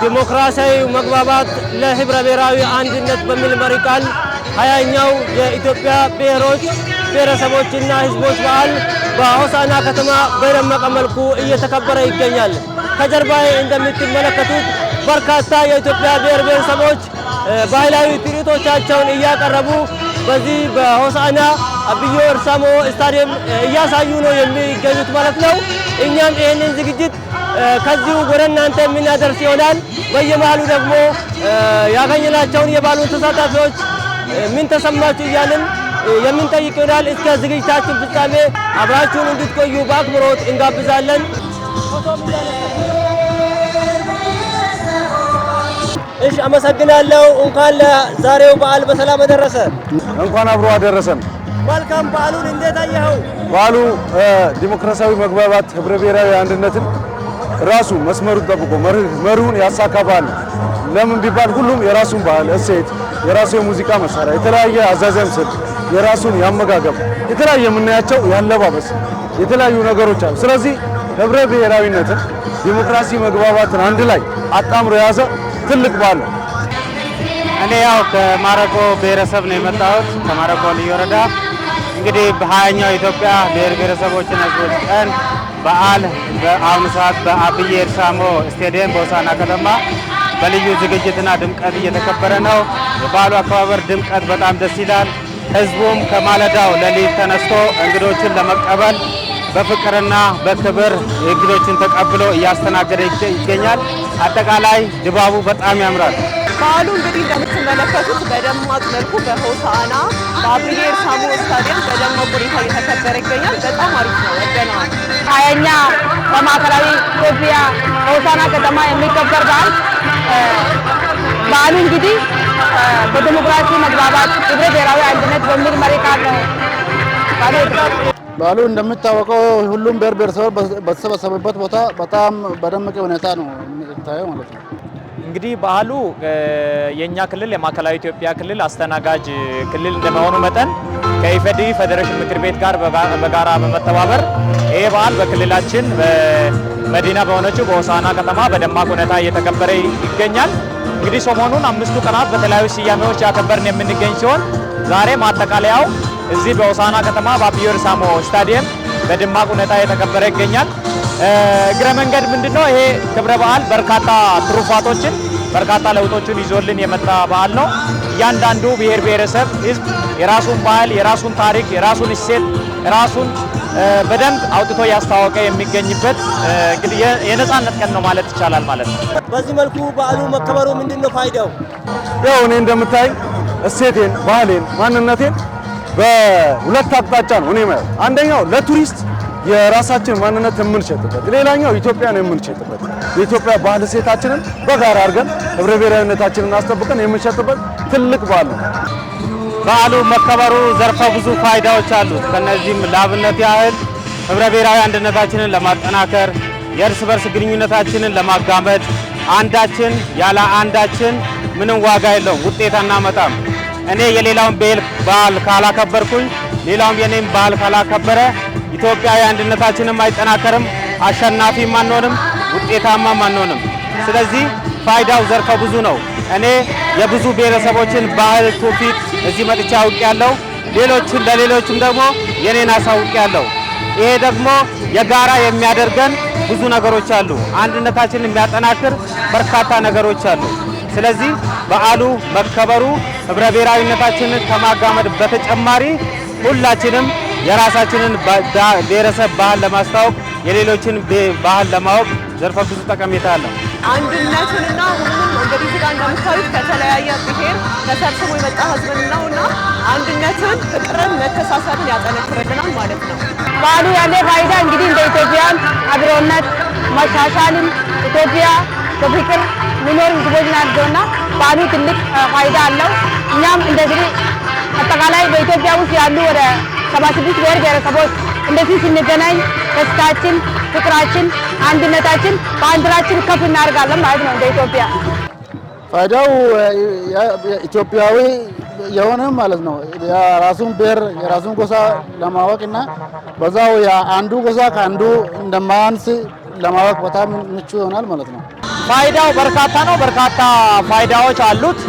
ዲሞክራሲያዊ መግባባት ለህብረ ብሔራዊ አንድነት በሚል መሪ ቃል ሀያኛው የኢትዮጵያ ብሔሮች ብሔረሰቦችና ህዝቦች በዓል በሆሳና ከተማ በደመቀ መልኩ እየተከበረ ይገኛል። ከጀርባዬ እንደምትመለከቱት በርካታ የኢትዮጵያ ብሔር ብሔረሰቦች ባህላዊ ትርኢቶቻቸውን እያቀረቡ በዚህ በሆሳና አብዮ እርሳሞ ስታዲየም እያሳዩ ነው የሚገኙት ማለት ነው። እኛም ይህንን ዝግጅት ከዚሁ ወደ እናንተ የምናደርስ ይሆናል። በየመሃሉ ደግሞ ያገኘናቸውን የባሉን ተሳታፊዎች ምን ተሰማችሁ እያልን የምንጠይቅ ይሆናል። እስከ ዝግጅታችን ፍጻሜ አብራችሁን እንድትቆዩ በአክብሮት እንጋብዛለን። እሺ፣ አመሰግናለሁ። እንኳን ለዛሬው በዓል በሰላም አደረሰ። እንኳን አብሮ አደረሰን። መልካም በዓሉን እንዴት አየኸው? በዓሉ ዲሞክራሲያዊ መግባባት፣ ህብረ ብሔራዊ አንድነትን ራሱ መስመሩን ጠብቆ መሪውን ያሳካ በዓል ለምን ቢባል ሁሉም የራሱን ባህል እሴት፣ የራሱ የሙዚቃ መሳሪያ፣ የተለያየ አዛዘን ስል የራሱን ያመጋገብ፣ የተለያየ የምናያቸው ያለባበስ፣ የተለያዩ ነገሮች አሉ። ስለዚህ ህብረ ብሔራዊነትን ዲሞክራሲ መግባባትን አንድ ላይ አጣምሮ የያዘ ትልቅ በዓል ነው። እኔ ያው ከማረቆ ብሔረሰብ ነው የመጣሁት፣ ከማረቆ ልዩ ወረዳ። እንግዲህ በሀያኛው ኢትዮጵያ ብሔር ብሔረሰቦችና ሕዝቦች ቀን በዓል በአሁኑ ሰዓት በአብዬ ዲሳሞ ስቴዲየም በሆሳዕና ከተማ በልዩ ዝግጅትና ድምቀት እየተከበረ ነው። የበዓሉ አከባበር ድምቀት በጣም ደስ ይላል። ህዝቡም ከማለዳው ለሊት ተነስቶ እንግዶችን ለመቀበል በፍቅርና በክብር እንግዶችን ተቀብሎ እያስተናገደ ይገኛል። አጠቃላይ ድባቡ በጣም ያምራል። በዓሉ እንግዲህ እንደምትመለከቱት በደማቅ መልኩ በሆሳና በአብሌር ሳሙ ስታዲየም በደማቅ ሁኔታ እየተከበረ ይገኛል። በጣም አሪፍ ነው። ወደነዋል። ሀያኛ በማዕከላዊ ኢትዮጵያ በሆሳና ከተማ የሚከበር በዓል በዓሉ እንግዲህ በዲሞክራሲ መግባባት ህብረ ብሔራዊ አንድነት በሚል መሪ ቃል ነው በዓሉ እንደሚታወቀው ሁሉም ብሔር ብሔረሰቦች በተሰበሰቡበት ቦታ በጣም በደመቀ ሁኔታ ነው የምታየው ማለት ነው። እንግዲህ በዓሉ የእኛ ክልል የማዕከላዊ ኢትዮጵያ ክልል አስተናጋጅ ክልል እንደመሆኑ መጠን ከኢፌዲ ፌዴሬሽን ምክር ቤት ጋር በጋራ በመተባበር ይሄ በዓል በክልላችን በመዲና በሆነችው በሆሳና ከተማ በደማቅ ሁኔታ እየተከበረ ይገኛል። እንግዲህ ሰሞኑን አምስቱ ቀናት በተለያዩ ስያሜዎች ያከበርን የምንገኝ ሲሆን ዛሬ ማጠቃለያው እዚህ በሆሳዕና ከተማ በአብዮ ሳሞ ስታዲየም በደማቅ ሁኔታ የተከበረ ይገኛል። እግረ መንገድ ምንድነው? ይሄ ክብረ በዓል በርካታ ትሩፋቶችን በርካታ ለውጦችን ይዞልን የመጣ በዓል ነው። እያንዳንዱ ብሔር ብሔረሰብ ህዝብ የራሱን ባህል፣ የራሱን ታሪክ፣ የራሱን እሴት፣ የራሱን በደንብ አውጥቶ ያስታወቀ የሚገኝበት እንግዲህ የነጻነት ቀን ነው ማለት ይቻላል ማለት ነው። በዚህ መልኩ በዓሉ መከበሩ ምንድን ነው ፋይዳው? ያው እኔ እንደምታይ እሴቴን፣ ባህሌን፣ ማንነቴን በሁለት አቅጣጫ ነው እኔ ማለት አንደኛው ለቱሪስት የራሳችን ማንነት የምንሸጥበት፣ ሌላኛው ኢትዮጵያን የምንሸጥበት የኢትዮጵያ ባህል ሴታችንን በጋራ አድርገን ህብረ ብሔራዊነታችንን አስጠብቀን የምንሸጥበት ትልቅ በዓል ነው። በዓሉ መከበሩ ዘርፈ ብዙ ፋይዳዎች አሉት። ከነዚህም ለአብነት ያህል ህብረ ብሔራዊ አንድነታችንን ለማጠናከር፣ የእርስ በርስ ግንኙነታችንን ለማጋመድ፣ አንዳችን ያለ አንዳችን ምንም ዋጋ የለውም ውጤት አናመጣም። እኔ የሌላውን በዓል ካላከበርኩኝ ሌላውም የኔም በዓል ካላከበረ ኢትዮጵያዊ አንድነታችንም አይጠናከርም፣ አሸናፊም አንሆንም፣ ውጤታማም አንሆንም። ስለዚህ ፋይዳው ዘርፈ ብዙ ነው። እኔ የብዙ ብሔረሰቦችን ባህል፣ ትውፊት እዚህ መጥቼ አውቄያለሁ። ሌሎችን ለሌሎችም ደግሞ የኔን አሳውቄያለሁ። ይሄ ደግሞ የጋራ የሚያደርገን ብዙ ነገሮች አሉ። አንድነታችንን የሚያጠናክር በርካታ ነገሮች አሉ። ስለዚህ በዓሉ መከበሩ ህብረ ብሔራዊነታችንን ከማጋመድ በተጨማሪ ሁላችንም የራሳችንን ብሔረሰብ ባህል ለማስተዋወቅ የሌሎችን ባህል ለማወቅ ዘርፈ ብዙ ጠቀሜታ አለው። አንድነቱንና ሁሉም እንግዲህ ስጋ እንደምታዩት ከተለያየ ብሔር ተሰብስቦ የመጣ ህዝብን ነው እና አንድነትን፣ ፍቅርን፣ መተሳሰብን ያጠነክርልናል ማለት ነው። በዓሉ ያለ ፋይዳ እንግዲህ እንደ ኢትዮጵያን አብሮነት መሻሻልን ኢትዮጵያ በፍቅር ሚኖር ህዝቦች ናቸውና በዓሉ ትልቅ ፋይዳ አለው። እኛም እንደዚህ አጠቃላይ በኢትዮጵያ ውስጥ ያሉ ወደ ሰባ ብሔር ብሔረሰቦች እንደዚህ ስንገናኝ ደስታችን፣ ፍቅራችን፣ አንድነታችን በአንድራችን ከፍ እናደርጋለን ማለት ነው። እንደ ኢትዮጵያ ፋይዳው ኢትዮጵያዊ የሆነ ማለት ነው። የራሱን ብሔር የራሱን ጎሳ ለማወቅ እና በዛው የአንዱ ጎሳ ከአንዱ እንደማያንስ ለማወቅ በጣም ምቹ ይሆናል ማለት ነው። ፋይዳው በርካታ ነው። በርካታ ፋይዳዎች አሉት።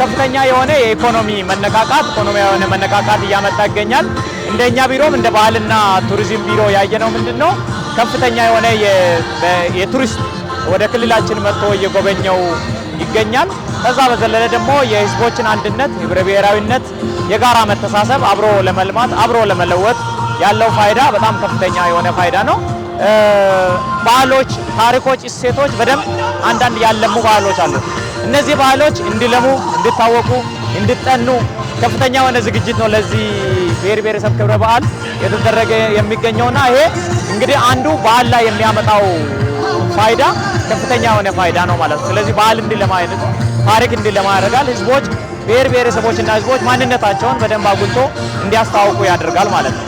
ከፍተኛ የሆነ የኢኮኖሚ መነቃቃት ኢኮኖሚያዊ የሆነ መነቃቃት እያመጣ ይገኛል። እንደኛ ቢሮም እንደ ባህልና ቱሪዝም ቢሮ ያየነው ምንድን ነው ከፍተኛ የሆነ የቱሪስት ወደ ክልላችን መጥቶ እየጎበኘው ይገኛል። ከዛ በዘለለ ደግሞ የህዝቦችን አንድነት፣ ህብረ ብሔራዊነት፣ የጋራ መተሳሰብ፣ አብሮ ለመልማት አብሮ ለመለወጥ ያለው ፋይዳ በጣም ከፍተኛ የሆነ ፋይዳ ነው። ባህሎች፣ ታሪኮች፣ እሴቶች በደንብ አንዳንድ ያለሙ ባህሎች አሉ። እነዚህ ባህሎች እንዲለሙ፣ እንዲታወቁ፣ እንዲጠኑ ከፍተኛ የሆነ ዝግጅት ነው ለዚህ ብሔር ብሔረሰብ ክብረ በዓል የተደረገ የሚገኘውና ይሄ እንግዲህ አንዱ በዓል ላይ የሚያመጣው ፋይዳ ከፍተኛ የሆነ ፋይዳ ነው ማለት ነው። ስለዚህ በዓል እንዲለማ አይነት ታሪክ እንዲለማ ያደርጋል። ህዝቦች ብሔር ብሔረሰቦችና ህዝቦች ማንነታቸውን በደንብ አጉልቶ እንዲያስተዋውቁ ያደርጋል ማለት ነው።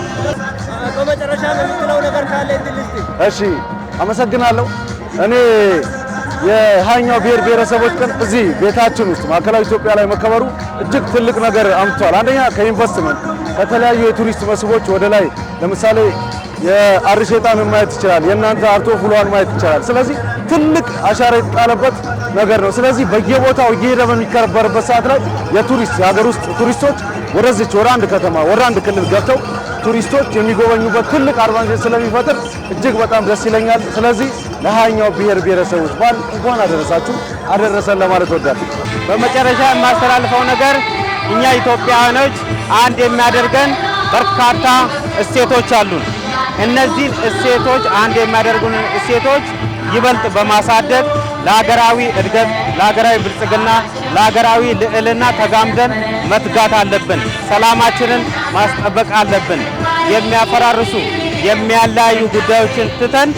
እሺ አመሰግናለሁ። እኔ የሃያኛው ብሔር ብሔረሰቦች ቀን እዚህ ቤታችን ውስጥ ማዕከላዊ ኢትዮጵያ ላይ መከበሩ እጅግ ትልቅ ነገር አምጥቷል። አንደኛ ከኢንቨስትመንት ከተለያዩ የቱሪስት መስህቦች ወደ ላይ ለምሳሌ የአሪ ሸይጣንን ማየት ይችላል። የእናንተ አርቶ ፍሏን ማየት ይችላል። ስለዚህ ትልቅ አሻራ የተጣለበት ነገር ነው። ስለዚህ በየቦታው እየሄደ በሚከበርበት ሰዓት ላይ የቱሪስት የሀገር ውስጥ ቱሪስቶች ወደዚች ወደ አንድ ከተማ ወደ አንድ ክልል ገብተው ቱሪስቶች የሚጎበኙበት ትልቅ አድቫንቴጅ ስለሚፈጥር እጅግ በጣም ደስ ይለኛል። ስለዚህ ለሃያኛው ብሔር ብሔረሰቦች በዓል እንኳን አደረሳችሁ አደረሰን ለማለት እወዳለሁ። በመጨረሻ የማስተላልፈው ነገር እኛ ኢትዮጵያውያኖች አንድ የሚያደርገን በርካታ እሴቶች አሉን። እነዚህን እሴቶች አንድ የሚያደርጉን እሴቶች ይበልጥ በማሳደግ ለሀገራዊ እድገት፣ ለሀገራዊ ብልጽግና፣ ለሀገራዊ ልዕልና ተጋምደን መትጋት አለብን። ሰላማችንን ማስጠበቅ አለብን። የሚያፈራርሱ የሚያለያዩ ጉዳዮችን ትተን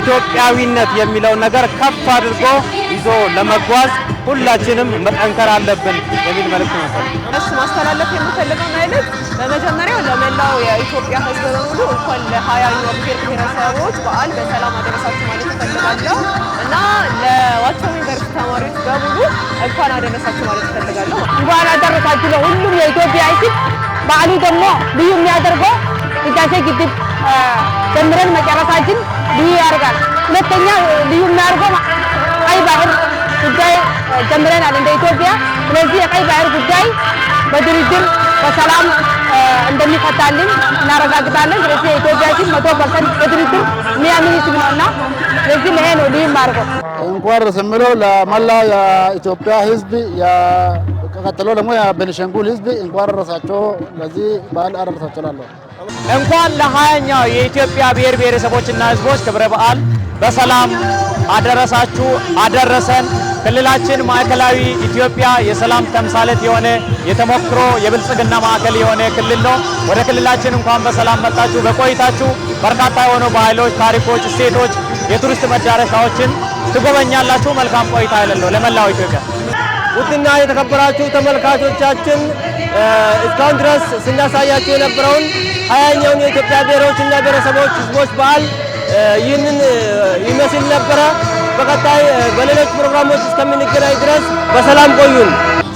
ኢትዮጵያዊነት የሚለው ነገር ከፍ አድርጎ ይዞ ለመጓዝ ሁላችንም መጠንከር አለብን የሚል መልእክት ነበር። እሱ ማስተላለፍ የምፈልገው አይነት በመጀመሪያ ለመላው የኢትዮጵያ ሕዝብ በሙሉ እንኳን ለሀያኛው ብሔር ብሔረሰቦች በዓል በሰላም አደረሳችሁ ማለት እፈልጋለሁ እና ለዋቸው ዩኒቨርሲቲ ተማሪዎች በሙሉ እንኳን አደረሳችሁ ማለት እፈልጋለሁ። እንኳን አደረሳችሁ ለሁሉም የኢትዮጵያ ሕዝብ። በዓሉ ደግሞ ልዩ የሚያደርገው ህዳሴ ግድብ ጀምረን መጨረሳችን ልዩ ያደርጋል። ሁለተኛ ልዩ የሚያደርገው ቀይ ባህር ጉዳይ ጀምረናል እንደ ኢትዮጵያ። ስለዚህ የቀይ ባህር ጉዳይ በድርድር በሰላም እንደሚፈታልን እናረጋግጣለን። ስለዚህ የኢትዮጵያችን መቶ ፐርሰንት በድርድር የሚያምን ነው እና ስለዚህ ይሄ ነው ልዩ የሚያደርገው። እንኳን ስምለው ለመላ የኢትዮጵያ ህዝብ ቀጥሎ ደግሞ የቤኒሻንጉል ህዝብ እንኳን አደረሳቸው። ለዚህ በዓል አደረሳቸው ላለሁ እንኳን ለሀያኛው የኢትዮጵያ ብሔር ብሔረሰቦችና ህዝቦች ክብረ በዓል በሰላም አደረሳችሁ አደረሰን። ክልላችን ማዕከላዊ ኢትዮጵያ የሰላም ተምሳሌት የሆነ የተሞክሮ የብልጽግና ማዕከል የሆነ ክልል ነው። ወደ ክልላችን እንኳን በሰላም መጣችሁ። በቆይታችሁ በርካታ የሆኑ ባህሎች፣ ታሪኮች፣ እሴቶች፣ የቱሪስት መዳረሻዎችን ትጎበኛላችሁ። መልካም ቆይታ አይለለው ለመላው ኢትዮጵያ ውድና የተከበራችሁ ተመልካቾቻችን እስካሁን ድረስ ስናሳያቸው የነበረውን ሀያኛውን የኢትዮጵያ ብሔሮች እና ብሔረሰቦች ህዝቦች በዓል ይህንን ይመስል ነበረ። በቀጣይ በሌሎች ፕሮግራሞች እስከምንገናኝ ድረስ በሰላም ቆዩን።